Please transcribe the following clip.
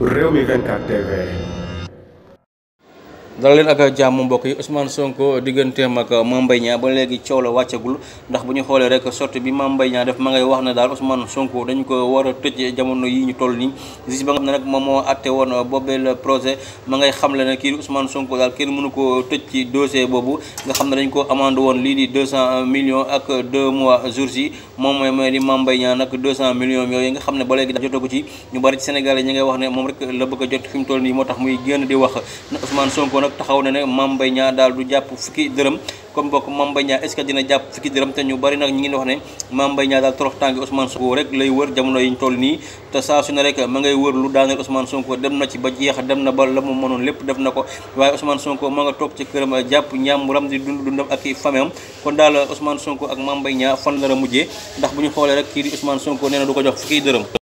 Rewmi 24 TV dala leen ak jàmm mbokk yi Ousmane Sonko digganteem ak Mame Mbaye Niang ba léegi coow la wàccagul ndax bu ñu xoolee rek sortie bi Mame Mbaye Niang def ma ngay wax ne daal Ousmane Sonko dañu ko war a tëj jamono yi ñu toll nii gis ba nga xam ne nag moom moo projet ma ngay xamle ne kii Ousmane Sonko daal kenn mënu koo tëj ci dossier boobu nga xam ne dañu ko amande woon lii di 200 millions ak 2 mois jours yi moom mooy mooy di Mame Mbaye Niang nag 200 millions yooyu nga xam ne ba léegi daal jotagu ci ñu bari ci Sénégal yi ñu ngay wax ne moom rek la bëgg a jot fi mu toll nii moo tax muy génn di wax ne Sonko nag taxaw na ne Mame Mbaye Niang daal du jàpp fukki dërëm comme bokk Mame Mbaye Niang dina jàpp fukki dërëm te ñu bari nag ñu ngi wax ne Mame Mbaye Niang daal torox tàngi Ousmane Sonko rek lay wër jamono yiñ toll nii te saa su ne ma ngay wër lu daaneel dem na ba jeex dem na ba mu lépp def na ko waaye Ousmane Sonko ma nga toog ci këram jàpp ñàmburam di dund dundam ak i famem kon daal Ousmane Sonko ak Mame Mbaye Niang fan la mujjee ndax bu ñu xoolee rek kii di Ousmane Sonko nee na du ko jox fukki dërëm